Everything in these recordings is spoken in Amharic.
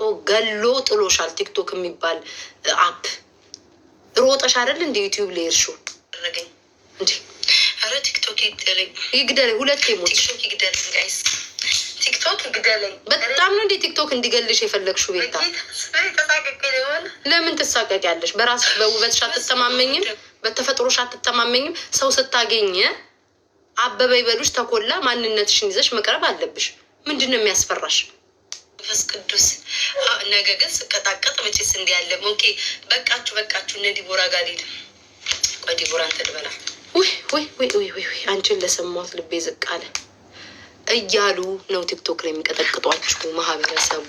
ቆርጦ ገሎ ጥሎሻል። ቲክቶክ የሚባል አፕ ሮጠሽ አይደል እንደ ዩቲዩብ ሌርሹ ረገኝ እንዲ ኧረ ቲክቶክ ይግደለኝ ይግደለኝ፣ ሁለቴ ሞት ቲክቶክ ይግደለኝ ጋይስ ቲክቶክ ይግደለኝ። በጣም ነው እንዴ ቲክቶክ እንዲገልሽ የፈለግሽው ቤታ? ለምን ትሳቀቂያለሽ? በራስሽ በውበትሽ አትተማመኝም? በተፈጥሮሽ አትተማመኝም? ሰው ስታገኘ አበበ ይበሉሽ ተኮላ ማንነትሽን ይዘሽ መቅረብ አለብሽ። ምንድን ነው የሚያስፈራሽ? መንፈስ ቅዱስ ነገ ግን ስቀጣቀጥ መቼስ እንዲ ያለ ሞኬ በቃችሁ በቃችሁ። እነ ዲቦራ ጋር ሄድ ቆይ፣ ዲቦራን ትድበላ አንቺን ለሰማሁት ልቤ ዝቅ አለ እያሉ ነው ቲክቶክ ላይ የሚቀጠቅጧችሁ ማህበረሰቡ።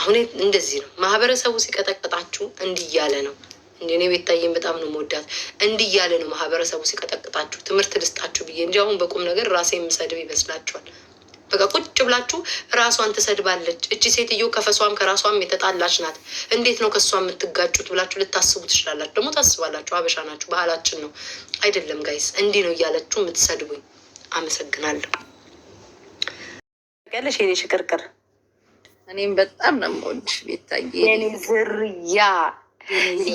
አሁን እንደዚህ ነው ማህበረሰቡ ሲቀጠቅጣችሁ፣ እንዲህ እያለ ነው እንደ እኔ ቤታዬን በጣም ነው መወዳት። እንዲህ እያለ ነው ማህበረሰቡ ሲቀጠቅጣችሁ። ትምህርት ልስጣችሁ ብዬ እንጂ አሁን በቁም ነገር ራሴ የምሰድብ ይመስላችኋል? በቃ ቁጭ ብላችሁ ራሷን ትሰድባለች። እቺ ሴትዮ ከፈሷም ከራሷም የተጣላች ናት። እንዴት ነው ከእሷ የምትጋጩት ብላችሁ ልታስቡ ትችላላችሁ። ደግሞ ታስባላችሁ። አበሻ ናችሁ፣ ባህላችን ነው። አይደለም ጋይስ፣ እንዲህ ነው እያለችሁ የምትሰድቡኝ። አመሰግናለሁ። ቀለሽ የኔ ሽቅርቅር፣ እኔም በጣም ነው የምወድሽ ቤታዬ፣ የኔ ዝርያ፣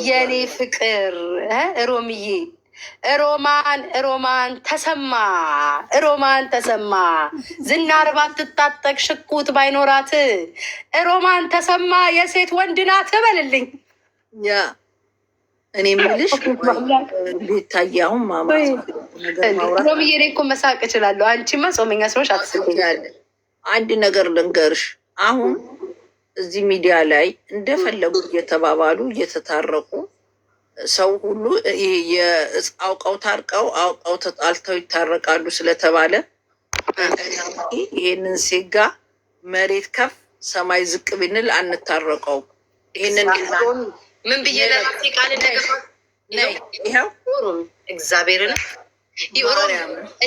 የኔ ፍቅር ሮምዬ ሮማን ሮማን ተሰማ ሮማን ተሰማ ዝና አርባ ትታጠቅ ሽቁት ባይኖራት ሮማን ተሰማ የሴት ወንድ ናት በልልኝ። ያ እኔ የምልሽ ቤታዬ አሁን ማማሮምዬ እኔ እኮ መሳቅ እችላለሁ። አንቺማ ጾመኛ ስለሆንሽ አትስቂያለሽ። አንድ ነገር ልንገርሽ አሁን እዚህ ሚዲያ ላይ እንደፈለጉ እየተባባሉ እየተታረቁ ሰው ሁሉ አውቀው ታርቀው አውቀው ተጣልተው ይታረቃሉ ስለተባለ ይህንን ሴጋ መሬት ከፍ ሰማይ ዝቅ ብንል አንታረቀው። ይህንን ምን ብዬ ለራሴ ቃል ይኸው እግዚአብሔርን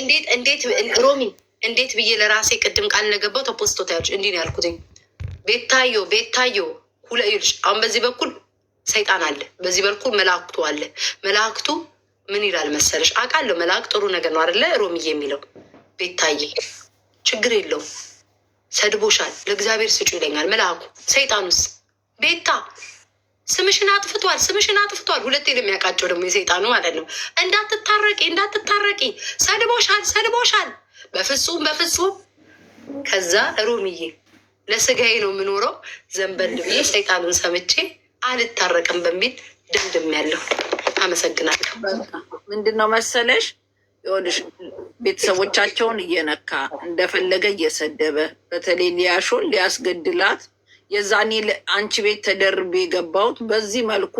እንዴት እንዴት ሮሚ እንዴት ብዬ ለራሴ ቅድም ቃል እንደገባው ተፖስቶ ታያለች። እንዲህ ቤት ታየው ቤት ታየው ሁለ ይልሽ አሁን በዚህ በኩል ሰይጣን አለ፣ በዚህ በኩል መላእክቱ አለ። መላእክቱ ምን ይላል መሰለሽ? አውቃለሁ መላእክ ጥሩ ነገር ነው አደለ? ሮምዬ የሚለው ቤታዬ ችግር የለው ሰድቦሻል፣ ለእግዚአብሔር ስጩ ይለኛል መልአኩ። ሰይጣኑስ ቤታ ስምሽን አጥፍቷል፣ ስምሽን አጥፍቷል። ሁለቴ የሚያውቃቸው ደግሞ የሰይጣኑ ማለት ነው። እንዳትታረቂ፣ እንዳትታረቂ፣ ሰድቦሻል፣ ሰድቦሻል፣ በፍጹም በፍጹም። ከዛ ሮምዬ ለስጋዬ ነው የምኖረው ዘንበል ብዬ ሰይጣኑን ሰምቼ አልታረቅም በሚል ድምድም ያለው። አመሰግናለሁ። ምንድን ነው መሰለሽ ሆንሽ ቤተሰቦቻቸውን እየነካ እንደፈለገ እየሰደበ በተለይ ሊያሾን ሊያስገድላት የዛኔ አንቺ ቤት ተደርቤ የገባሁት በዚህ መልኩ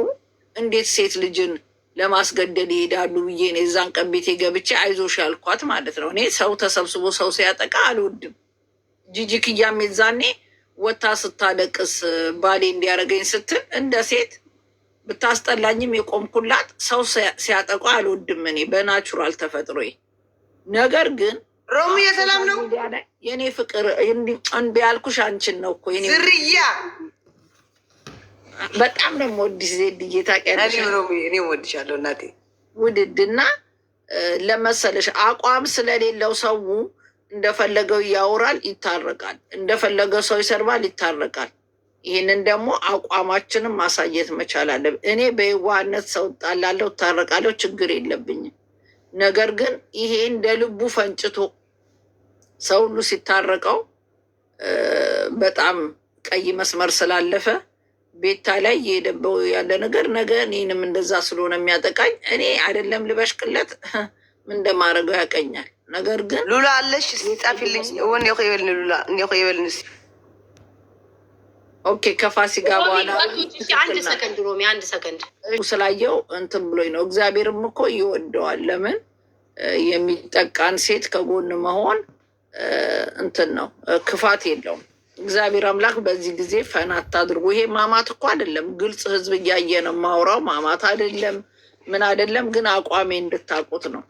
እንዴት ሴት ልጅን ለማስገደል ይሄዳሉ ብዬ ነው የዛን ቀን ቤቴ ገብቼ አይዞሽ ያልኳት ማለት ነው። እኔ ሰው ተሰብስቦ ሰው ሲያጠቃ አልወድም። ጂጂክያም የዛኔ ወታ ስታለቅስ ባሌ እንዲያደርገኝ ስትል እንደ ሴት ብታስጠላኝም የቆምኩላት ሰው ሲያጠቋ አልወድም እኔ በናቹራል ተፈጥሮ። ነገር ግን ሮሙ የሰላም ነው የኔ ፍቅር እንዲ ያልኩሽ አንቺን ነው እኮ ዝርያ በጣም ደግሞ ወዲሽ ዜድዬ ታውቂያለሽ፣ ውድድና ለመሰለሽ አቋም ስለሌለው ሰው እንደፈለገው ያወራል፣ ይታረቃል። እንደፈለገው ሰው ይሰርባል፣ ይታረቃል። ይህንን ደግሞ አቋማችንን ማሳየት መቻል አለብን። እኔ በየዋህነት ሰው ጣላለሁ፣ እታረቃለሁ፣ ችግር የለብኝም። ነገር ግን ይሄ እንደ ልቡ ፈንጭቶ ሰው ሁሉ ሲታረቀው በጣም ቀይ መስመር ስላለፈ ቤታ ላይ እየሄደበው ያለ ነገር ነገ እኔንም እንደዛ ስለሆነ የሚያጠቃኝ እኔ አይደለም ልበሽቅለት እንደማድረገው ያቀኛል። ነገር ግን ሉላ አለሽ ጻፊልኝ። ሉላ ኦኬ። ጋር በኋላ አንድ ሰከንድ ሮሚ፣ አንድ ሰከንድ ስላየው እንትን ብሎኝ ነው። እግዚአብሔርም እኮ ይወደዋል። ለምን የሚጠቃን ሴት ከጎን መሆን እንትን ነው፣ ክፋት የለውም። እግዚአብሔር አምላክ በዚህ ጊዜ ፈና አታድርጉ። ይሄ ማማት እኮ አይደለም፣ ግልጽ ህዝብ እያየ ነው ማውራው። ማማት አይደለም ምን አይደለም፣ ግን አቋሜ እንድታውቁት ነው።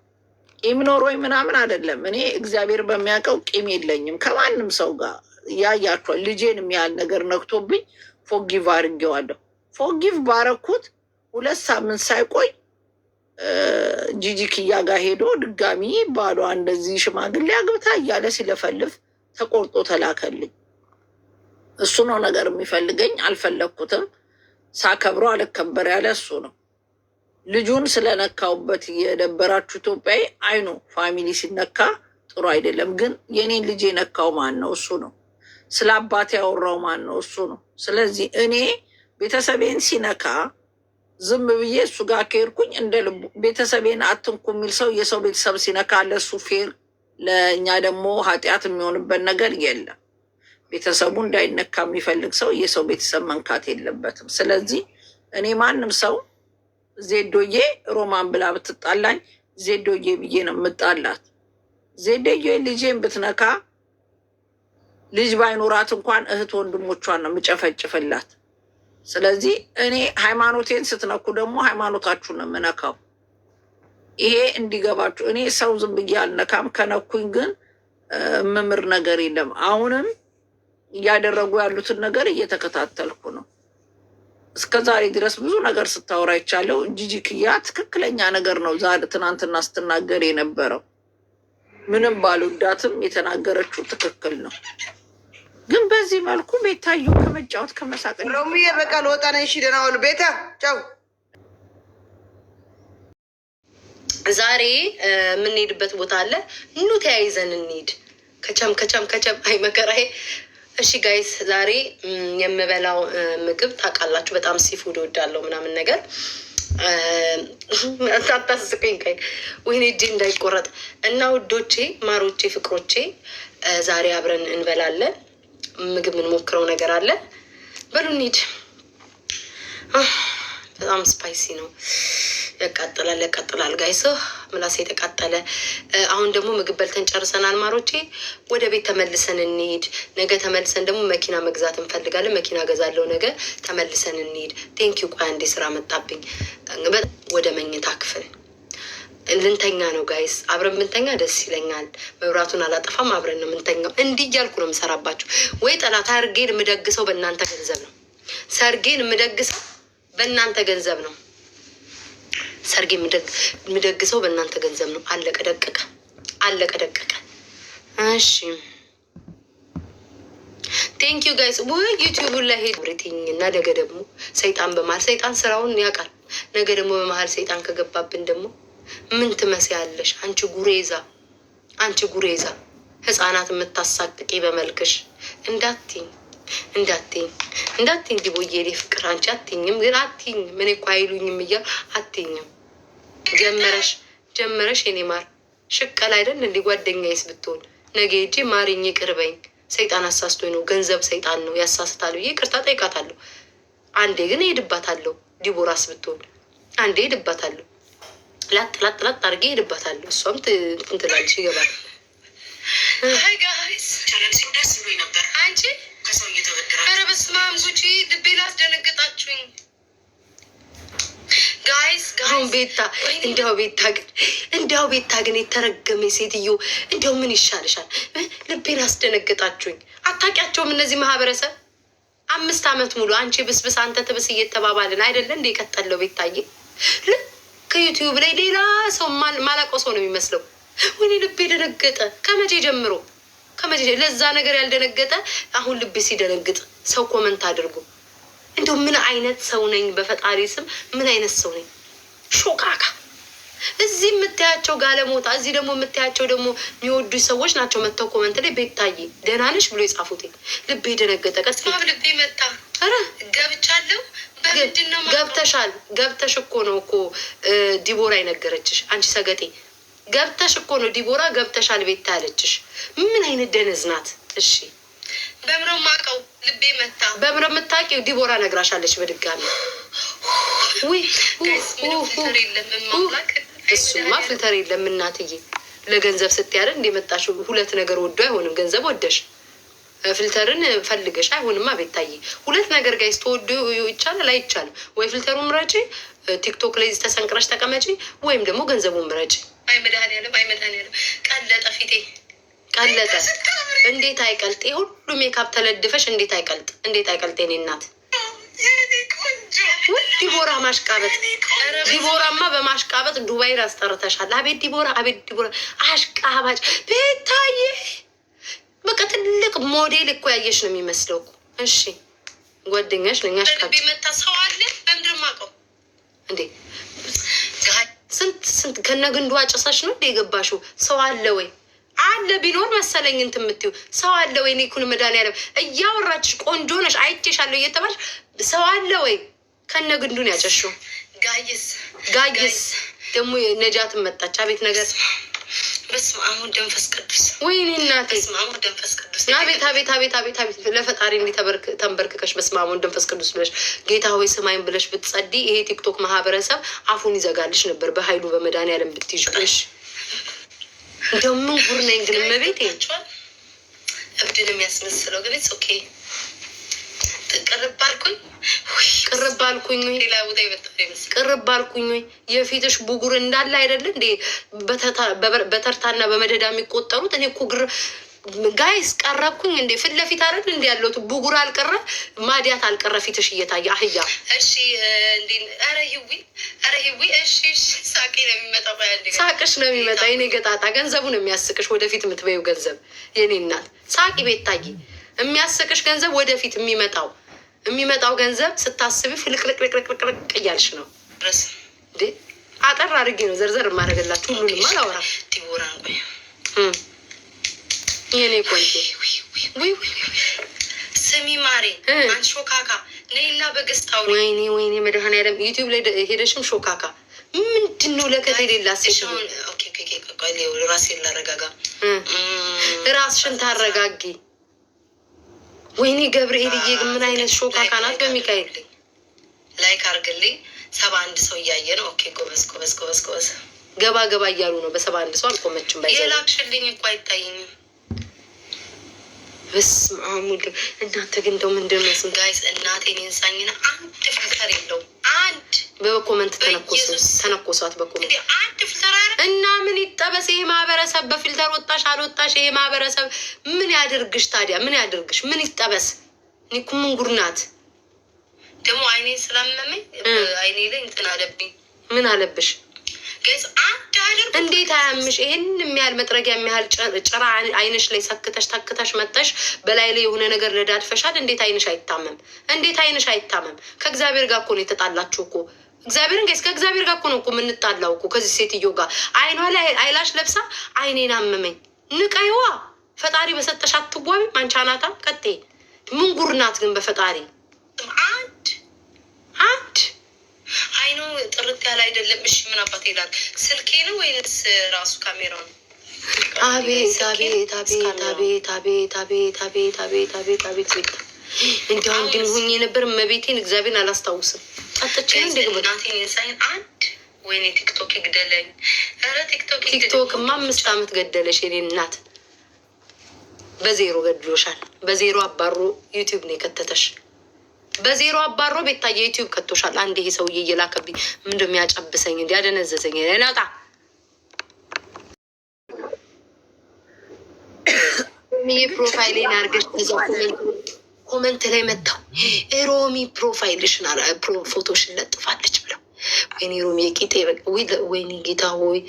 ቂም ኖሮኝ ምናምን አይደለም። እኔ እግዚአብሔር በሚያውቀው ቂም የለኝም ከማንም ሰው ጋር ያያቸዋል። ልጄን የሚያህል ነገር ነክቶብኝ ፎጊቭ አድርጌዋለሁ። ፎጊቭ ባረኩት ሁለት ሳምንት ሳይቆይ ጂጂ ክያ ጋር ሄዶ ድጋሚ ባሏ እንደዚህ ሽማግሌ አግብታ እያለ ሲለፈልፍ ተቆርጦ ተላከልኝ። እሱ ነው ነገር የሚፈልገኝ። አልፈለግኩትም። ሳከብሮ አልከበር ያለ እሱ ነው። ልጁን ስለነካውበት የደበራችሁ ኢትዮጵያዊ አይኑ ፋሚሊ ሲነካ ጥሩ አይደለም። ግን የኔን ልጅ የነካው ማን ነው? እሱ ነው። ስለ አባት ያወራው ማን ነው? እሱ ነው። ስለዚህ እኔ ቤተሰቤን ሲነካ ዝም ብዬ እሱ ጋር ከሄድኩኝ እንደ ልቡ ቤተሰቤን አትንኩ የሚል ሰው የሰው ቤተሰብ ሲነካ ለሱ ፌር፣ ለእኛ ደግሞ ኃጢአት የሚሆንበት ነገር የለም። ቤተሰቡ እንዳይነካ የሚፈልግ ሰው የሰው ቤተሰብ መንካት የለበትም። ስለዚህ እኔ ማንም ሰው ዜዶዬ ሮማን ብላ ብትጣላኝ ዜዶዬ ብዬ ነው የምጣላት። ዜዶዬ ልጄን ብትነካ ልጅ ባይኖራት እንኳን እህት ወንድሞቿን ነው የምጨፈጭፍላት። ስለዚህ እኔ ሃይማኖቴን ስትነኩ ደግሞ ሃይማኖታችሁን ነው የምነካው። ይሄ እንዲገባችሁ። እኔ ሰው ዝም ብዬ አልነካም። ከነኩኝ ግን ምምር ነገር የለም። አሁንም እያደረጉ ያሉትን ነገር እየተከታተልኩ ነው። እስከ ዛሬ ድረስ ብዙ ነገር ስታወራ ይቻለው። ጂጂ ክያ ትክክለኛ ነገር ነው ዛሬ ትናንትና ስትናገር የነበረው ምንም ባልወዳትም የተናገረችው ትክክል ነው። ግን በዚህ መልኩ ቤታዩ ከመጫወት ከመሳቅ ሮሚዬ በቃ ልወጣ ነው። እሺ ደህና ሁኑ። ቤታ ጫው ዛሬ የምንሄድበት ቦታ አለ። ኑ ተያይዘን እንሂድ። ከቸም ከቸም ከቸም አይ መከራዬ እሺ ጋይስ ዛሬ የምበላው ምግብ ታውቃላችሁ፣ በጣም ሲፉድ እወዳለሁ ምናምን ነገር አታስቁኝ። ቀይ ወይኔ እጄ እንዳይቆረጥ እና ውዶቼ፣ ማሮቼ፣ ፍቅሮቼ ዛሬ አብረን እንበላለን። ምግብ የምንሞክረው ነገር አለ። በሉ እንሂድ። በጣም ስፓይሲ ነው። ያቃጥላል ያቃጥላል። ጋይሶ ምላሴ የተቃጠለ። አሁን ደግሞ ምግብ በልተን ጨርሰናል። ማሮቼ ወደ ቤት ተመልሰን እንሂድ። ነገ ተመልሰን ደግሞ መኪና መግዛት እንፈልጋለን። መኪና ገዛለው ነገ ተመልሰን እንሂድ። ቴንኪው። ቆይ አንዴ ስራ መጣብኝ። ወደ መኝታ ክፍል ልንተኛ ነው ጋይስ። አብረን ብንተኛ ደስ ይለኛል። መብራቱን አላጠፋም። አብረን ነው የምንተኛው። እንዲህ እያልኩ ነው የምሰራባችሁ። ወይ ጠላት አድርጌን የምደግሰው በእናንተ ገንዘብ ነው። ሰርጌን የምደግሰው በእናንተ ገንዘብ ነው። ሰርግ የሚደግሰው በእናንተ ገንዘብ ነው። አለቀ ደቀቀ፣ አለቀ ደቀቀ። እሺ ቴንክ ዩ ጋይስ። ወይ ዩቲዩብ ላይ ሄድ ብሬቲኝ እና ነገ ደግሞ ሰይጣን በመሀል ሰይጣን ስራውን ያውቃል። ነገ ደግሞ በመሀል ሰይጣን ከገባብን ደግሞ ምን ትመስያለሽ አንቺ ጉሬዛ፣ አንቺ ጉሬዛ ህፃናት የምታሳቅቂ በመልክሽ እንዳትኝ እንዳትኝ እንዳትኝ ዲቦዬ እኔ ፍቅር አንቺ አትኝም፣ ግን አትኝም። ምን እኮ አይሉኝም እያ አትኝም። ጀመረሽ ጀመረሽ የኔ ማር ሽቀል አይደል እንዲህ ጓደኛዬስ ብትሆን ነገ ሄጄ ማሪኝ፣ ቅርበኝ ሰይጣን አሳስቶኝ ነው ገንዘብ ሰይጣን ነው ያሳስታል ብዬ ቅርታ ጠይቃታለሁ። አንዴ ግን ሄድባታለሁ። ዲቦራስ ብትሆን አንዴ ሄድባታለሁ። ላጥ ላጥ ላጥ አድርጌ ሄድባታለሁ። እሷም ትንትላለች ይገባል። አንቺ ከሰው ኧረ በስመ አብ ጉቺ፣ ቤታ እንዲያው ቤታ ግን እንዲያው ቤታ ግን የተረገመ ሴትዮ እንዲያው ምን ይሻልሻል? ልቤን አስደነገጣችሁኝ። አታውቂያቸውም እነዚህ ማህበረሰብ አምስት ዓመት ሙሉ አንቺ ብስብስ አንተ ትብስ እየተባባልን አይደለ እንደ የቀጠለው ቤታዬ። ልክ ዩቲዩብ ላይ ሌላ ሰው ማላውቀው ሰው ነው የሚመስለው። ወይኔ ልቤ ደነገጠ። ከመቼ ጀምሮ ከመቼ ለዛ ነገር ያልደነገጠ አሁን ልብ ሲደነግጥ ሰው ኮመንት አድርጉ። እንደው ምን አይነት ሰው ነኝ? በፈጣሪ ስም ምን አይነት ሰው ነኝ? ሾቃካ እዚህ የምታያቸው ጋለሞታ፣ እዚህ ደግሞ የምታያቸው ደግሞ የሚወዱ ሰዎች ናቸው። መጥተው ኮመንት ላይ ቤታዬ ደህና ነሽ ብሎ የጻፉት ልቤ ደነገጠ። ቀስ ልቤ መታ ገብቻለሁ። ገብተሻል። ገብተሽ እኮ ነው እኮ ዲቦራ አይነገረችሽ አንቺ ሰገጤ ገብተሽ እኮ ነው ዲቦራ ገብተሻል ቤት ታለችሽ። ምን አይነት ደነዝ ናት? እሺ በምሮ ማቀው ልቤ መታ። በምሮ የምታውቂው ዲቦራ ነግራሻለች። በድጋሚ እሱማ ፍልተር የለም እናትዬ። ለገንዘብ ስትያለ መጣሽ ሁለት ነገር ወዶ አይሆንም። ገንዘብ ወደሽ ፍልተርን ፈልገሽ አይሆንማ። ቤታዬ ሁለት ነገር ጋይስ ተወዶ ይቻላል አይቻልም? ወይ ፍልተሩ ምረጪ፣ ቲክቶክ ላይ ተሰንቅረሽ ተቀመጪ፣ ወይም ደግሞ ገንዘቡ ምረጪ። አይ መድኃኒዓለም አይ መድኃኒዓለም ቀለጠ ፊቴ ቀለጠ። እንዴት አይቀልጥ? የሁሉ ሜካፕ ተለድፈሽ እንዴት አይቀልጥ? እንዴት አይቀልጥ? የኔ እናት ዲቦራ ማሽቃበጥ። ዲቦራማ በማሽቃበጥ ዱባይ ራስጠርተሻል። አቤት ዲቦራ አሽቃባጭ። ቤታዬ በቃ ትልቅ ሞዴል እኮ ያየሽ ነው የሚመስለው። እኮ። እሺ ጓደኛሽ ለኛ አሽቃ ቤመታ ሰው አለ በምድር ማቀው እንዴ ስንት ስንት ከነግንዱ አጭሰሽ ነው የገባሽው። ሰው አለ ወይ አለ ቢኖር መሰለኝ እንትን የምትይው ሰው አለ ወይ? እኔ እኮ መድኃኒዓለም እያወራችሽ ቆንጆ ነሽ አይቼሻለሁ እየተባልሽ ሰው አለ ወይ? ከነ ግንዱን ያጨሽው ጋይስ ጋይስ ደግሞ ነጃትን መጣች። አቤት ነገር በስመ አብ ወወልድ ወመንፈስ ቅዱስ። ወይኔ እናቴ በስመ አብ ወወልድ ወመንፈስ ቅዱስ። አቤት አቤት አቤት አቤት አቤት! ለፈጣሪ እንዲህ ተንበርክከሽ በስመ አብ ወወልድ ወመንፈስ ቅዱስ ብለሽ ጌታ ሆይ ስማኝ ብለሽ ብትጸዲ ይሄ ቲክቶክ ማህበረሰብ አፉን ይዘጋልሽ ነበር። በኃይሉ በመድኃኒዓለም ብትይዥ እንደምን ጉር ነኝ ግን መቤቴ እብድን የሚያስመስለው ግን ኦኬ ቅርብ አልኩኝ ቅርብ አልኩኝ ቅርብ አልኩኝ። የፊትሽ ብጉር እንዳለ አይደለ እንዴ? በተርታና በመደዳ የሚቆጠሩት እኔ እኮ ግር ጋይስ ቀረብኩኝ እንዴ? ፊት ለፊት አይደል እንዲ ያለሁት። ብጉር አልቀረ ማዲያት አልቀረ ፊትሽ እየታየ አህያ። እሺ ሳቅሽ ነው የሚመጣ የኔ ገጣጣ። ገንዘቡ ነው የሚያስቅሽ፣ ወደፊት የምትበይው ገንዘብ የኔ እናት። ሳቂ ቤት ታይ የሚያስቅሽ ገንዘብ ወደፊት የሚመጣው የሚመጣው ገንዘብ ስታስብ ፍልቅልቅልቅልቅ እያልሽ ነው። አጠር አድርጌ ነው ዘርዘር የማደርግላችሁ ሁሉንም አላወራም። የኔ ቆንጆ ስሚ ማሬ፣ ሾካካ ነይና በገስታ ወይኔ ወይኔ፣ መድኃኒዓለም ዩቲዩብ ላይ ሄደሽም ሾካካ ምንድን ነው ለከት የሌላ ሴሽን ራሴን ላረጋጋ ራስሽን ታረጋጌ ወይኔ ገብርኤልዬ ምን አይነት ሾካ ካናት በሚካኤል ላይክ አርግልኝ። ሰባ አንድ ሰው እያየ ነው። ኦኬ ጎበዝ ጎበዝ ጎበዝ ጎበዝ። ገባ ገባ እያሉ ነው። በሰባ አንድ ሰው አልቆመችም። ባይ የላክሽልኝ እኮ አይታይኝም። በስመ አብ ወልድ። እናንተ ግን እንደው ምንድን ነው ስም ጋይስ፣ እናቴን ይንሳኝና አንድ ፊልተር የለውም በኮመንት ተነኮሷት። በኮመንት እና ምን ይጠበስ? ይሄ ማህበረሰብ በፊልተር ወጣሽ አልወጣሽ፣ ይሄ ማህበረሰብ ምን ያድርግሽ ታዲያ? ምን ያድርግሽ? ምን ይጠበስ? ኒኩምን ጉድናት ደግሞ አይኔ ስላመመኝ አይኔ ላይ እንትን አለብኝ። ምን አለብሽ? እንዴት አያምሽ? ይህን የሚያህል መጥረጊያ የሚያህል ጭራ አይነሽ ላይ ሰክተሽ ተክተሽ መጠሽ በላይ ላይ የሆነ ነገር ለዳድፈሻል። እንዴት አይነሽ አይታመም? እንዴት አይነሽ አይታመም? ከእግዚአብሔር ጋር እኮ ነው የተጣላችሁ እኮ እግዚአብሔርን ጋይስ ከእግዚአብሔር ጋር እኮ ነው እኮ የምንጣላው እኮ ከዚህ ሴትዮ ጋር አይኗ ላይ አይላሽ ለብሳ አይኔን አመመኝ። ንቀይዋ ፈጣሪ በሰጠሽ አትዋቢ ማንቻናታ ቀጤ ምን ጉር ናት ግን በፈጣሪ አንድ አንድ አይኑ ጥርት ያለ አይደለም። እሺ ምን አባት ይላል ስልኬ ነው ወይንስ ራሱ ካሜራ ነው? አቤት አቤት አቤት አቤት አቤት አቤት አቤት አቤት አቤት አቤት ቤት እንዲሁ አንድን ሁኜ ነበር መቤቴን እግዚአብሔርን አላስታውስም። ጠጥቼ አንድ ወይኔ ቲክቶክ ይግደለኝ። ኧረ ቲክቶክ ቲክቶክማ አምስት ዓመት ገደለሽ የኔ እናት። በዜሮ ገድሎሻል። በዜሮ አባሮ ዩቲዩብ ነው የከተተሽ። በዜሮ አባሮ ቤታየ ዩቲዩብ ከቶሻል። አንድ ይሄ ሰውዬ እየላከብኝ ምንድን የሚያጨብሰኝ? እንዲ ያደነዘዘኝ ነጣ ፕሮፋይሌን አድርገሽ ተዛ ኮመንት ላይ መጥተው ሮሚ ፕሮፋይልሽን ፎቶሽን ለጥፋለች ብለው ወይኔ ሮሚ የቂጤ ወይኔ ጌታ ሆይ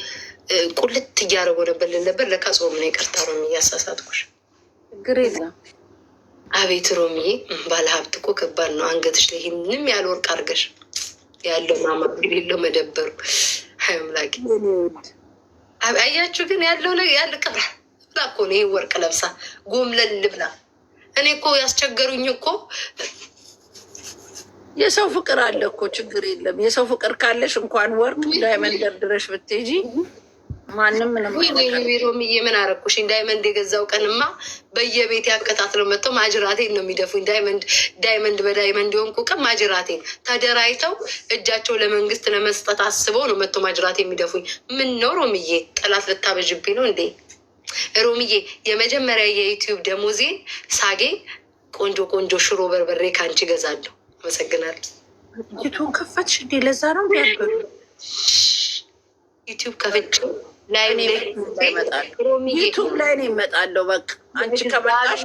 ቁልት እያደረጉ ነበር ልነበር ለካ ጾም ነው። ይቅርታ ሮሚ እያሳሳትኩሽ። አቤት ሮሚዬ ባለሀብት እኮ ከባድ ነው። አንገትሽ ላይ ይህንም ያለ ወርቅ አድርገሽ ያለው ማማ የሌለው መደበሩ ምላቂ አያችሁ ግን ያለው ያለ ቅብራ ብላ እኮ ነው ይህ ወርቅ ለብሳ ጎምለል ብላ እኔ እኮ ያስቸገሩኝ እኮ የሰው ፍቅር አለ እኮ ችግር የለም። የሰው ፍቅር ካለሽ እንኳን ወርቅ ዳይመንደር ድረሽ ብትሄጂ ማንም ምንም ሮምዬ ምን አረኩሽ? ዳይመንድ የገዛው ቀንማ በየቤት ያንቀታትለው መጥተው ማጅራቴን ነው የሚደፉኝ። ዳይመንድ ዳይመንድ በዳይመንድ የሆንኩ ቀን ማጅራቴን ተደራጅተው እጃቸው ለመንግስት ለመስጠት አስበው ነው መጥተው ማጅራቴ የሚደፉኝ። ምን ነው ሮምዬ ጠላት ልታበዥብኝ ነው እንዴ? ሮሚዬ የመጀመሪያ የዩትዩብ ደሞዜን ሳገኝ ቆንጆ ቆንጆ ሽሮ በርበሬ ከአንቺ ገዛለሁ። አመሰግናለሁ። ዩቱብ ከፈትሽ እንዴ? ለዛ ነው ዩቱብ ከፍቼ ላይ ዩቱብ ላይ ነው ይመጣለው። በቃ አንቺ ከመጣሽ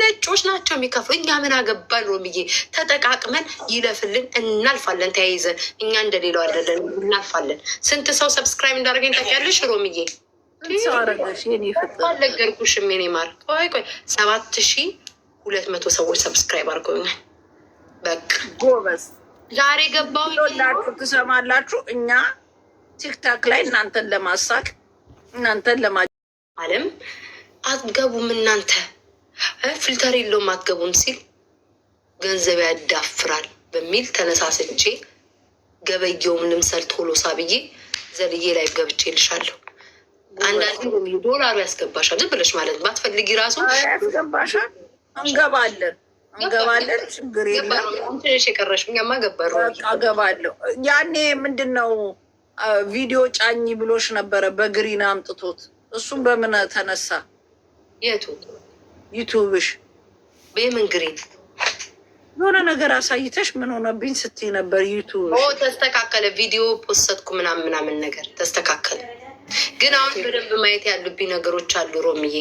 ነጮች ናቸው የሚከፍሉ። እኛ ምን አገባን? ሮሚዬ ተጠቃቅመን ይለፍልን፣ እናልፋለን። ተያይዘን እኛ እንደሌለው አይደለን፣ እናልፋለን። ስንት ሰው ሰብስክራይብ እንዳደረገኝ ታውቂያለሽ ሮሚዬ? አልነገርኩሽም የኔ ማር። ቆይ ቆይ ሰባት ሺ ሁለት መቶ ሰዎች ሰብስክራይብ አድርገውኛል። በቃ ጎበዝ ዛሬ ላችሁ ትሰማላችሁ። እኛ ቲክታክ ላይ እናንተን ለማሳቅ እናንተን ለማ አለም አትገቡም እናንተ ፊልተር የለውም አትገቡም ሲል ገንዘብ ያዳፍራል በሚል ተነሳስቼ ገበየውም ልምሰል ቶሎሳ ብዬ ዘልዬ ላይ ገብቼ ልሻለሁ። አንዳንዴ ዶላሩ ያስገባሻል። ዝም ብለሽ ማለት ባትፈልጊ ራሱ ያስገባሻል። እንገባለን እንገባለን፣ ችግር የለም። የቀረሽ እኛማ ገባሩ ገባለሁ። ያኔ ምንድን ነው ቪዲዮ ጫኝ ብሎሽ ነበረ በግሪን አምጥቶት፣ እሱም በምን ተነሳ? የቱ ዩቱብሽ በምን ግሪን የሆነ ነገር አሳይተሽ ምን ሆነብኝ ስትይ ነበር። ዩቱብ ተስተካከለ፣ ቪዲዮ ፖስትኩ ምናምን ምናምን ነገር ተስተካከለ። ግን አሁን በደንብ ማየት ያሉብኝ ነገሮች አሉ። ሮምዬ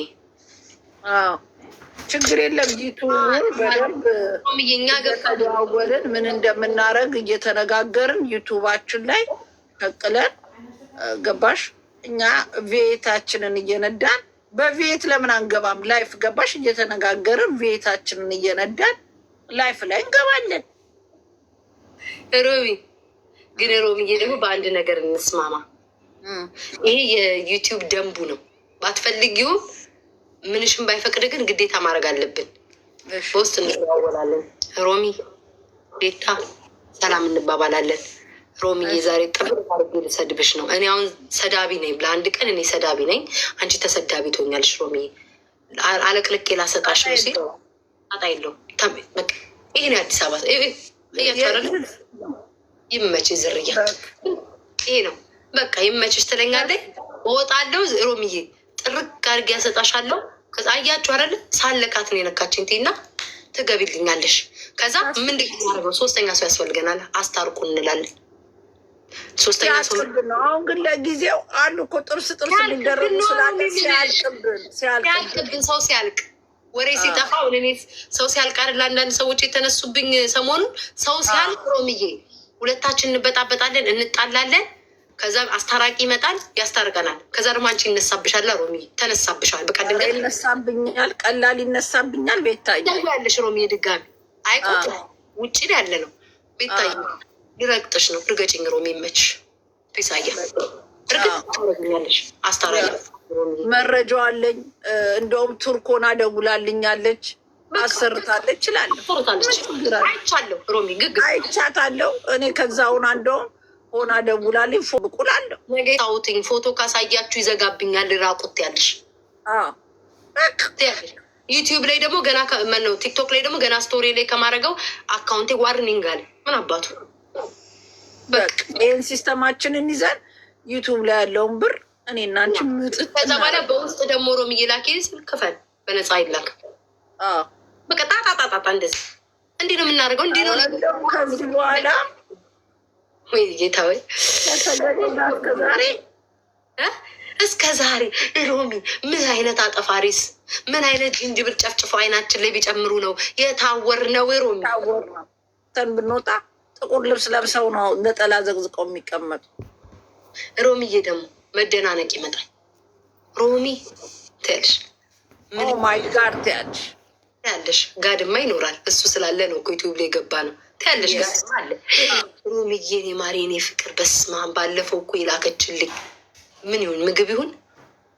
ችግር የለም ይቱ በደንብ እኛ ምን እንደምናረግ እየተነጋገርን ዩቱባችን ላይ ተቅለን ገባሽ። እኛ ቪኤታችንን እየነዳን በቪኤት ለምን አንገባም? ላይፍ ገባሽ። እየተነጋገርን ቪኤታችንን እየነዳን ላይፍ ላይ እንገባለን። ሮሚ ግን ሮሚዬ ደግሞ በአንድ ነገር እንስማማ ይሄ የዩቲዩብ ደንቡ ነው። ባትፈልጊውም ምንሽም ባይፈቅድ ግን ግዴታ ማድረግ አለብን። በውስጥ እንዋወላለን። ሮሚ ቤታ ሰላም እንባባላለን። ሮሚ የዛሬ ጥብቅ ልሰድብሽ ነው። እኔ አሁን ሰዳቢ ነኝ። ለአንድ ቀን እኔ ሰዳቢ ነኝ፣ አንቺ ተሰዳቢ ትሆኛለሽ። ሮሚ አለቅልቄ ላሰጣሽ ነው ሲል አጣ የለው። ይሄ ነው አዲስ አበባ። ይመች ዝርያ ይሄ ነው በቃ ይመችሽ ትለኛለች። እወጣለሁ ሮምዬ ጥርቅ አድርጌ ያሰጣሻለሁ። ከዛ አያችሁ አይደል ሳለካት ነው የነካችኝ። ቲና ትገቢልኛለሽ። ከዛ ምንድን ያደረገው ሶስተኛ ሰው ያስፈልገናል፣ አስታርቁ እንላለን። ሶስተኛ ሰው አሁን ግን ለጊዜው አሉ እኮ ጥርስ ጥርስ ሊደረጉ ስላለ ሲያልቅብን ሰው ሲያልቅ ወሬ ሲጠፋ እኔ ሰው ሲያልቅ አይደል አንዳንድ ሰዎች የተነሱብኝ ሰሞኑን ሰው ሲያልቅ ሮምዬ ሁለታችን እንበጣበጣለን፣ እንጣላለን ከዛ አስታራቂ ይመጣል ያስታርቀናል። ከዛ ደግሞ አንቺ ይነሳብሻል፣ ሮሚ ተነሳብሻል። በቃ ድንገት ይነሳብኛል፣ ቀላል ይነሳብኛል። ቤታዬ ያለሽ ሮሚ ድጋሚ አይቆጥ ውጭ ያለ ነው። ቤታዬ ሊረግጥሽ ነው። እርገጭኝ ሮሚ ይመችሽ። ሳያ እርግጥኛለሽ። አስታራቂ መረጃው አለኝ። እንደውም ቱርኮና ደውላልኛለች፣ አሰርታለች። ችላለሁ አይቻለሁ፣ ሮሚ ግግ አይቻታለሁ። እኔ ከዛውን እንደውም ሆና ደውላልኝ ፎቁላለሁ ታውትኝ ፎቶ ካሳያችሁ ይዘጋብኛል፣ ራቁት ያለሽ ዩቲዩብ ላይ ደግሞ ገና ነው ቲክቶክ ላይ ደግሞ ገና ስቶሪ ላይ ከማድረገው አካውንቴ ዋርኒንግ አለ። ምን አባቱ ይህን ሲስተማችንን ይዘን ዩቱብ ላይ ያለውን ብር እኔ እና ከዛ በኋላ በውስጥ ደግሞ ሮም እየላክ ክፈል፣ በነፃ ይላክ። በቃ ጣጣጣጣጣ እንደዚህ እንዲህ ነው የምናደርገው። እንዲህ ነው ከዚህ በኋላ ወይ ጌታ ወይ እስከ ዛሬ ሮሚ ምን አይነት አጠፋሪስ ምን አይነት ጅንጅብል ጨፍጭፎ አይናችን ላይ ቢጨምሩ ነው የታወር ነው። ሮሚ ተን ብንወጣ ጥቁር ልብስ ለብሰው ነው ነጠላ ዘቅዝቀው የሚቀመጡ። ሮሚዬ ደግሞ መደናነቅ ይመጣል። ሮሚ ትያለሽ፣ ማይ ጋር ትያለሽ፣ ጋድማ ይኖራል። እሱ ስላለ ነው እኮ ዩቲዩብ ላይ የገባ ነው። ከልሽ ጋር ሮምዬ፣ እኔ ማሬ፣ እኔ ፍቅር በስመ አብ። ባለፈው እኮ የላከችልኝ ምን ይሁን ምግብ ይሁን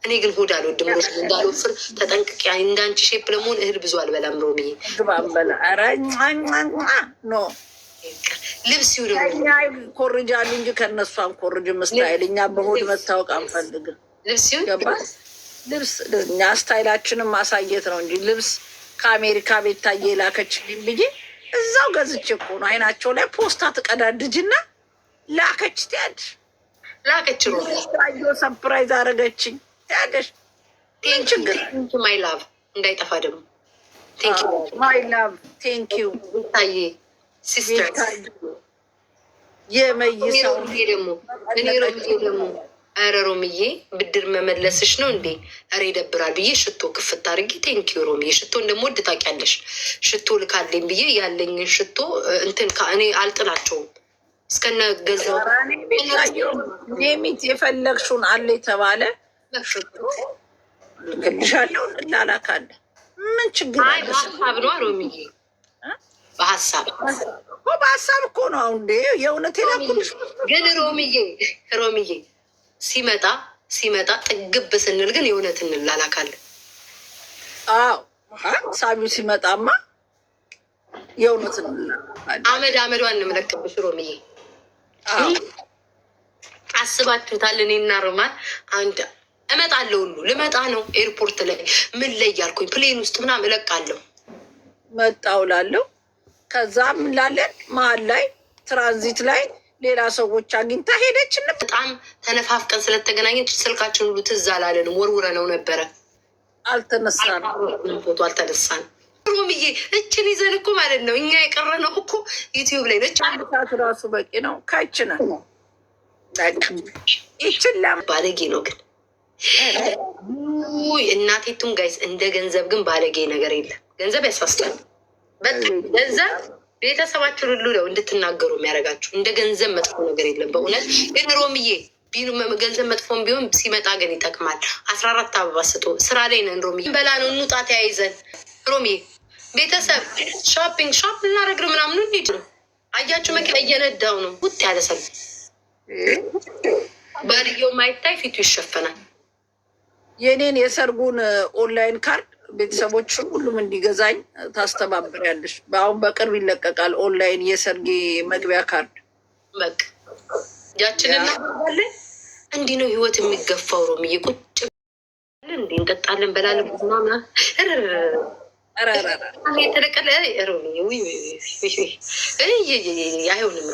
እኔ ግን ሆድ አልወድም። ሮ እንዳልወፍር ተጠንቅቄ እንዳንቺ ሼፕ ለመሆን እህል ብዙ አልበላም። ሮምዬ ልብስ ይሁን ኮርጃሉ እንጂ ከእነሱ አንኮርጅም። ምስታይል እኛ በሆድ መታወቅ አንፈልግም። ልብስ ይሁን ልብስ እኛ ስታይላችንም ማሳየት ነው እንጂ ልብስ ከአሜሪካ ቤት ታየ የላከችልኝ ብዬ እዛው ገዝቼ እኮ ነው። አይናቸው ላይ ፖስታ ትቀዳድጅና ላከች ትያድ ላከች ሮ ሰፕራይዝ አረገችኝ ያደሽ ምን ችግር ማይ ላቭ እንዳይጠፋ ደግሞ ማይ ላቭ ቴንክ ዩ ታዬ ሲስተር የመይሰው ደግሞ እኔ ደግሞ ኧረ ሮምዬ ብድር መመለስሽ ነው እንዴ? ኧረ ይደብራል ብዬ ሽቶ ክፍት አድርጌ ቴንኪዩ ሮምዬ፣ ሽቶ እንደምወድ ታውቂያለሽ። ሽቶ ልካለኝ ብዬ ያለኝን ሽቶ እንትን እኔ አልጥላቸውም እስከነ ገዛው ሚት የፈለግሽውን አለ የተባለ ልክልሻለሁ፣ እናላካለ ምን ችግር በሀሳብ ነው ሮምዬ፣ በሀሳብ በሀሳብ እኮ ነው አሁን እንዴ የእውነት ላኩልሽ። ግን ሮምዬ ሮምዬ ሲመጣ ሲመጣ ጥግብ ስንል ግን የእውነት እንላላካለን። አዎ ሳቢው ሲመጣማ የእውነት አመድ አመዷን እንመለከብሽ ሮምዬ አስባችሁታል? እና ሮማን አንድ እመጣለሁ ሁሉ ልመጣ ነው ኤርፖርት ላይ ምን ላይ ያልኩኝ ፕሌን ውስጥ ምናምን እለቃለሁ መጣውላለሁ ከዛ ምን ላለን መሀል ላይ ትራንዚት ላይ ሌላ ሰዎች አግኝታ ሄደች። በጣም ተነፋፍቀን ስለተገናኘች ስልካችን ሁሉ ትዝ አላለንም። ወርውረ ነው ነበረ አልተነሳን፣ ፎቶ አልተነሳን። ሮምዬ እችን ይዘን እኮ ማለት ነው እኛ የቀረ ነው እኮ ዩቲዩብ ላይ ነች። አንድ ሰዓት ራሱ በቂ ነው። ካይችነ ይችላ ባለጌ ነው ግን እናቴቱን ጋይስ እንደ ገንዘብ ግን ባለጌ ነገር የለም። ገንዘብ ያሳስታል በጣም ገንዘብ ቤተሰባችሁን ሁሉ ነው እንድትናገሩ የሚያደርጋችሁ። እንደ ገንዘብ መጥፎ ነገር የለም። በእውነት ግን ሮምዬ ገንዘብ መጥፎም ቢሆን ሲመጣ ግን ይጠቅማል። አስራ አራት አበባ ስጡ። ስራ ላይ ነን ሮሚ በላ ነው እንውጣ፣ ተያይዘን ሮሚ ቤተሰብ ሾፒንግ ሾፕ እናደርግ ምናምኑ እንሂድ ነው። አያችሁ መኪና እየነዳው ነው ውጥ ያለ ሰብ ማይታይ ፊቱ ይሸፈናል። የኔን የሰርጉን ኦንላይን ካርድ ቤተሰቦች ሁሉም እንዲገዛኝ ታስተባብሪያለሽ። በአሁን በቅርብ ይለቀቃል ኦንላይን የሰርጌ መግቢያ ካርድ ያችን ያችንን እንዲህ ነው ህይወት የሚገፋው። ሮምዬ ቁጭ እንዲ እንጠጣለን በላለ ምናምና አይሆንም።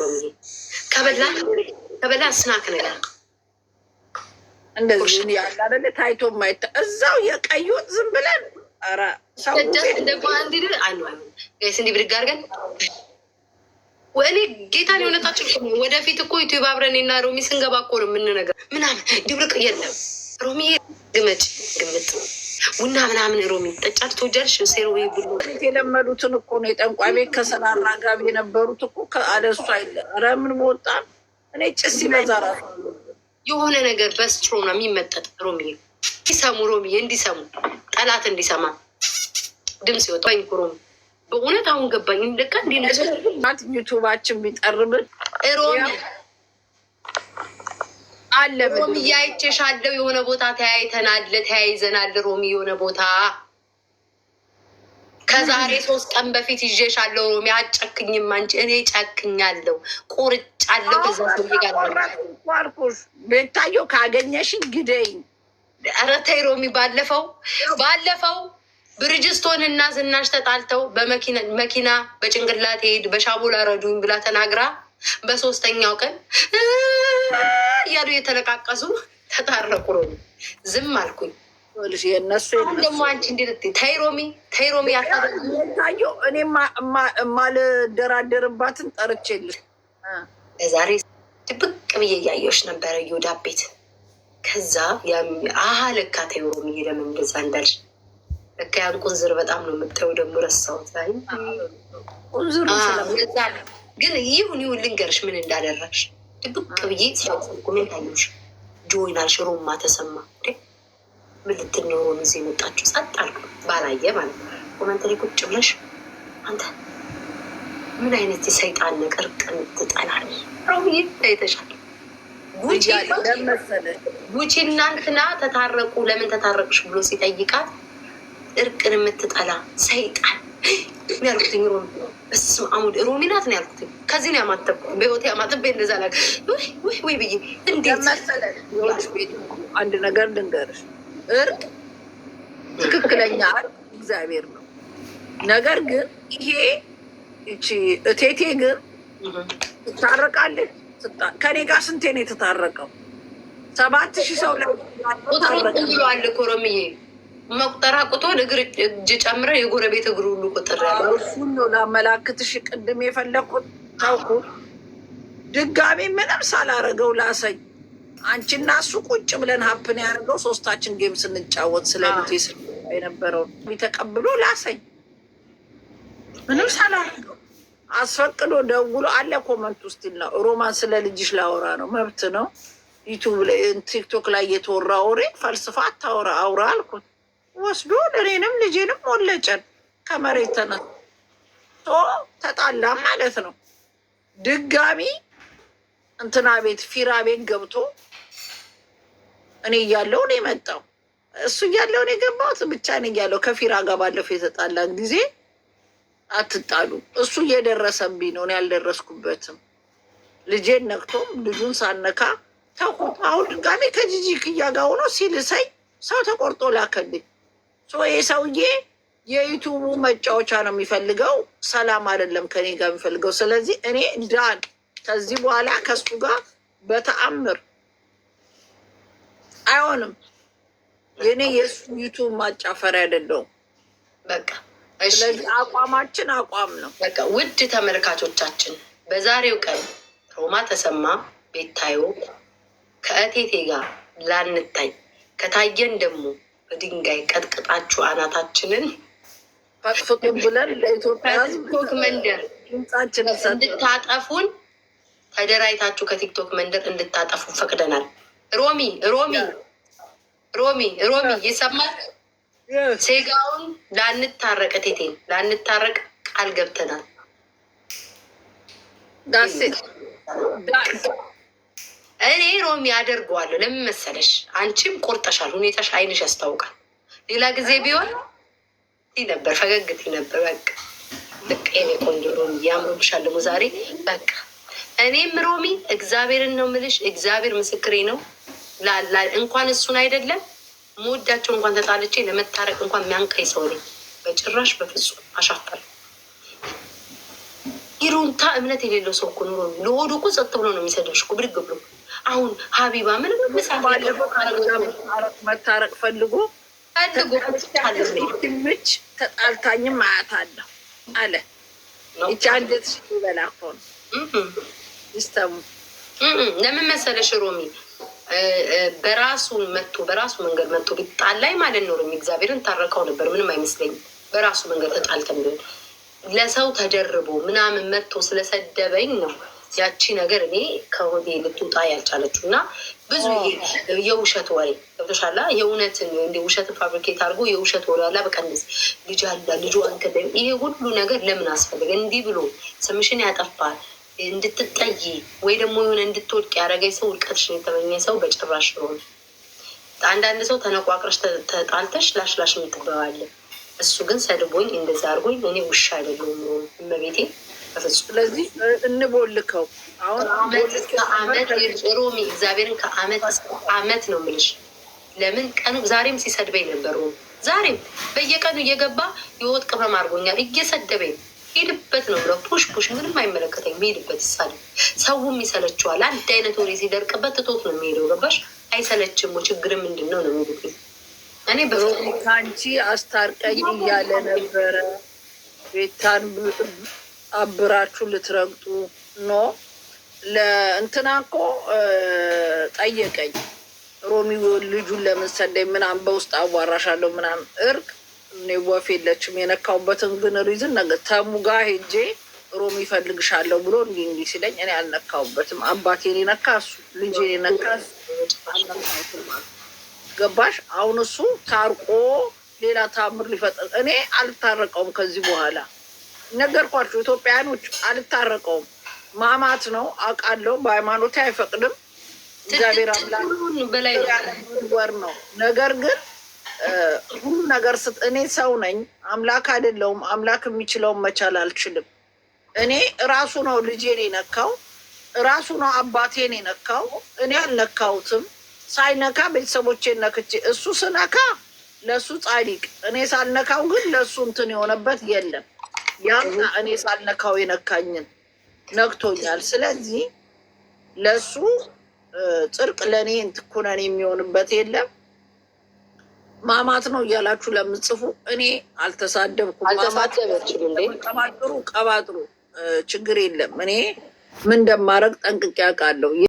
ሮምዬ ከበላ ስናክ ነገር እንደዚህ ያለ ታይቶ ማይታ እዛው የቀዩት ዝም ብለን ደግሞ አንድ ጋይስ እንዲህ ብድግ አድርገን እኔ ጌታን የእውነታችን ወደፊት እኮ ዩቲዩብ አብረን እና ሮሚ ስንገባ እኮ ነው የምንነገር ምናምን ድብርቅ የለም። ሮሚ ግመጭ ግምጥ ቡና ምናምን ሮሚ ጠጫት ትወጃለሽ። ሴሮ ብሎ የለመዱትን እኮ ነው የጠንቋይ ቤት ከሰላም ጋብ የነበሩት እኮ አለሱ አይለ ኧረ ወጣ እኔ ጭስ ይበዛራ የሆነ ነገር በስትሮ ነው የሚመጠጥ ሮሚ እንዲሰሙ ሮሚ እንዲሰሙ ጠላት እንዲሰማ ድምፅ ይወጣ ኩሩም በእውነት አሁን ገባኝ። እንደካ እንዲነት ዩቱባችን ቢጠርብን ሮሚ አለ ሮሚ ያይቼሻለሁ። የሆነ ቦታ ተያይተናል፣ ተያይዘናል። ሮሚ የሆነ ቦታ ከዛሬ ሶስት ቀን በፊት ይዤሻለሁ። ሮሚ አጨክኝም አንቺ እኔ ጨክኛለሁ፣ ቁርጫለሁ ከዛ ሰው ጋር ቤታየው ካገኘሽ ግደኝ ኧረ ተይ ሮሚ ባለፈው ባለፈው ብርጅስቶን እና ዝናሽ ተጣልተው በመኪና በጭንቅላት ሄድ በሻቦላ ረዱኝ ብላ ተናግራ በሶስተኛው ቀን እያሉ የተለቃቀሱ ተታረቁ። ሮሚ ዝም አልኩኝ። ደግሞ አንቺ እንዴት ተይ ሮሚ ተይ ሮሚ ታየ። እኔ ማልደራደርባትን ጠርቼልሽ ለዛሬ ድብቅ ብዬ እያየሁሽ ነበረ ዮዳ ቤት ከዛ አሀ ለካ ተይሮ የሚሄደ መንገዛ እንዳልሽ ለካ ያን ቁንዝር በጣም ነው የምታየው። ደግሞ ረሳሁት ላይ ግን ይሁን ይሁን ልንገርሽ ምን እንዳደረግሽ ድብቅ ብዬ ሲያቁቁሜን ታየሽ ጆይናልሽ ሮማ ተሰማ ምን ልትል ነው የመጣችሁ ጸጥ አልኩ። ባላየ ማለት ነው ኮመንት ላይ ቁጭ ብለሽ አንተ ምን አይነት የሰይጣን ነገር ቅን ትጠላለሽ ሮም ይታይተሻል ጉቺ እናንትና ተታረቁ ለምን ተታረቅሽ ብሎ ሲጠይቃት እርቅን የምትጠላ ሰይጣን ነው ያልኩትኝ። ሮሚ በስመ አሙድ ሮሚ ናት ነው ያልኩትኝ። ከዚህ ነው ያማተብኩ በህይወት ያማጥብ እንደዛ ላ ወይ ብዬ እንዴት አንድ ነገር ልንገርሽ፣ እርቅ ትክክለኛ እርቅ እግዚአብሔር ነው። ነገር ግን ይሄ እቺ እቴቴ ግን ትታረቃለች ከኔ ጋር ስንቴ ነው የተታረቀው? ሰባት ሺህ ሰው ቁጥሩን ብሏል እኮ ሮምዬ መቁጠር አቁቶ እግር እጅ ጨምረ የጎረቤት እግር ሁሉ ቁጥር ያለው እሱን ነው ላመላክትሽ ቅድም የፈለግኩት ታውኩ። ድጋሚ ምንም ሳላረገው ላሰኝ አንቺና እሱ ቁጭ ብለን ሀፕን ያደርገው ሶስታችን ጌም ስንጫወት ስለ ስ የነበረው ተቀብሎ ላሰኝ ምንም ሳላረገው አስፈቅዶ ደውሎ አለ ኮመንት ውስጥ ነው። ሮማን ስለ ልጅሽ ላወራ ነው መብት ነው። ዩቱብ ቲክቶክ ላይ የተወራ ወሬ ፈልስፋ አታወራ አውራ አልኩት። ወስዶ እኔንም ልጅንም ወለጨን ከመሬት ተነስቶ ተጣላ ማለት ነው። ድጋሚ እንትና ቤት ፊራ ቤት ገብቶ እኔ እያለው ነው የመጣው እሱ እያለው ነው የገባሁት ብቻ እኔ እያለው ከፊራ ጋር ባለፈው የተጣላን ጊዜ አትጣሉ። እሱ እየደረሰብኝ ነው፣ እኔ አልደረስኩበትም። ልጄን ነክቶም ልጁን ሳነካ ተቆጣ። አሁን ድጋሜ ከጂጂ ክያ ጋር ሆኖ ሲልሰኝ ሰው ተቆርጦ ላከልኝ። ይሄ ሰውዬ የዩቱቡ መጫወቻ ነው የሚፈልገው፣ ሰላም አይደለም ከኔ ጋር የሚፈልገው። ስለዚህ እኔ ዳን ከዚህ በኋላ ከሱ ጋር በተአምር አይሆንም። የእኔ የሱ ዩቱብ ማጫፈሪያ አይደለውም በቃ ስለዚህ አቋማችን አቋም ነው። በቃ ውድ ተመልካቾቻችን በዛሬው ቀን ሮማ ተሰማ ቤታዮ ከእቴቴ ጋር ላንታይ ከታየን ደግሞ በድንጋይ ቀጥቅጣችሁ አናታችንን ፈጥፍጡ ብለን ለኢትዮጵያ መንደር እንድታጠፉን ተደራጅታችሁ ከቲክቶክ መንደር እንድታጠፉን ፈቅደናል። ሮሚ ሮሚ ሮሚ ሮሚ ይሰማል። ሴጋውን ላንታረቅ ቴቴን ላንታረቅ ቃል ገብተናል። እኔ ሮሚ አደርገዋለሁ። ለምን መሰለሽ? አንቺም ቆርጠሻል። ሁኔታሽ፣ አይንሽ ያስታውቃል። ሌላ ጊዜ ቢሆን ነበር ፈገግቲ ነበር። በቃ በቃ የኔ ቆንጆ ሮሚ ያምሮብሻል። ደግሞ ዛሬ በቃ እኔም ሮሚ እግዚአብሔርን ነው ምልሽ። እግዚአብሔር ምስክሬ ነው። እንኳን እሱን አይደለም መወዳቸው እንኳን ተጣልቼ ለመታረቅ እንኳን የሚያንቀኝ ሰው ነኝ። በጭራሽ በፍጹም አሻፈር ይሩንታ እምነት የሌለው ሰው እኮ ኑሮ ለሆዱ እኮ ጸጥ ብሎ ነው የሚሰደብሽ እኮ ብድግ ብሎ። አሁን ሀቢባ ምንም መታረቅ ፈልጎ ፈልጎች ተጣልታኝም አያታለሁ አለ እቻ እንዴት ይበላ እኮ ነው ሲስተሙ። ለምን መሰለሽ ሮሚ በራሱ መቶ በራሱ መንገድ መቶ ቢጣላይ ማለት ኖሮ እግዚአብሔርን ታረቀው ነበር። ምንም አይመስለኝ በራሱ መንገድ ተጣልተን ቢሆን ለሰው ተደርቦ ምናምን መጥቶ ስለሰደበኝ ነው ያቺ ነገር እኔ ከሆዴ ልትወጣ ያልቻለችው እና ብዙ የውሸት ወሬ ገብቶሻላ። የእውነትን ወይም የውሸትን ፋብሪኬት አድርጎ የውሸት ወሬ አላ በቀንስ ልጅ አላ ልጁ አንከ ይሄ ሁሉ ነገር ለምን አስፈልገ? እንዲህ ብሎ ስምሽን ያጠፋል። እንድትጠይ ወይ ደግሞ የሆነ እንድትወድቅ ያደረገኝ ሰው ውድቀትሽን የተመኘ ሰው በጭራሽ ሆነ። አንዳንድ ሰው ተነቋቅረሽ ተጣልተሽ ላሽላሽ የምትበባለ እሱ ግን ሰድቦኝ እንደዛ አድርጎኝ እኔ ውሻ አይደለሁም እመቤቴ። ስለዚህ እንቦልከው አሁን ሮሚ እግዚአብሔርን ከአመት አመት ነው የምልሽ። ለምን ቀኑ ዛሬም ሲሰድበኝ ነበር ዛሬም በየቀኑ እየገባ የወጥ ቅመም አድርጎኛል እየሰደበኝ ሄድበት ነው ብለው ፑሽ ፑሽ ምንም አይመለከተኝ ሄድበት ይሳል። ሰውም ይሰለችዋል። አንድ አይነት ወሬ ሲደርቅበት ትቶት ነው የሚሄደው። ገባሽ? አይሰለችም። ችግር ምንድን ነው ነው የሚሉት። እኔ ከአንቺ አስታርቀኝ እያለ ነበረ። ቤታን አብራችሁ ልትረግጡ ኖ ለእንትና እኮ ጠየቀኝ ሮሚ ልጁን ለምን ሰደኝ ምናምን፣ በውስጥ አዋራሻለሁ ምናምን እርቅ እኔ ወፍ የለችም የነካውበትን ግን ሪዝን ነገ ተሙ ሄጄ ሮሚ ይፈልግሻለሁ ብሎ እንዲ ሲለኝ እኔ አልነካውበትም። አባቴን የነካ እሱ፣ ልጄን የነካ ገባሽ? አሁን እሱ ታርቆ ሌላ ታምር ሊፈጠር እኔ አልታረቀውም። ከዚህ በኋላ ነገርኳቸው ኢትዮጵያያኖች አልታረቀውም። ማማት ነው አውቃለሁ። በሃይማኖቴ አይፈቅድም። እግዚአብሔር አምላክ ወር ነው ነገር ግን ሁሉ ነገር እኔ ሰው ነኝ፣ አምላክ አይደለውም። አምላክ የሚችለውን መቻል አልችልም። እኔ ራሱ ነው ልጄን የነካው፣ ራሱ ነው አባቴን የነካው። እኔ አልነካሁትም። ሳይነካ ቤተሰቦቼን ነክቼ እሱ ስነካ ለእሱ ጻዲቅ፣ እኔ ሳልነካው ግን ለእሱ እንትን የሆነበት የለም። ያምና እኔ ሳልነካው የነካኝን ነክቶኛል። ስለዚህ ለእሱ ጽድቅ ለእኔ እንትኩነን የሚሆንበት የለም። ማማት ነው እያላችሁ ለምጽፉ እኔ አልተሳደብኩም። ቀባጥሩ ቀባጥሩ፣ ችግር የለም። እኔ ምን እንደማደርግ ጠንቅቄ አውቃለሁ።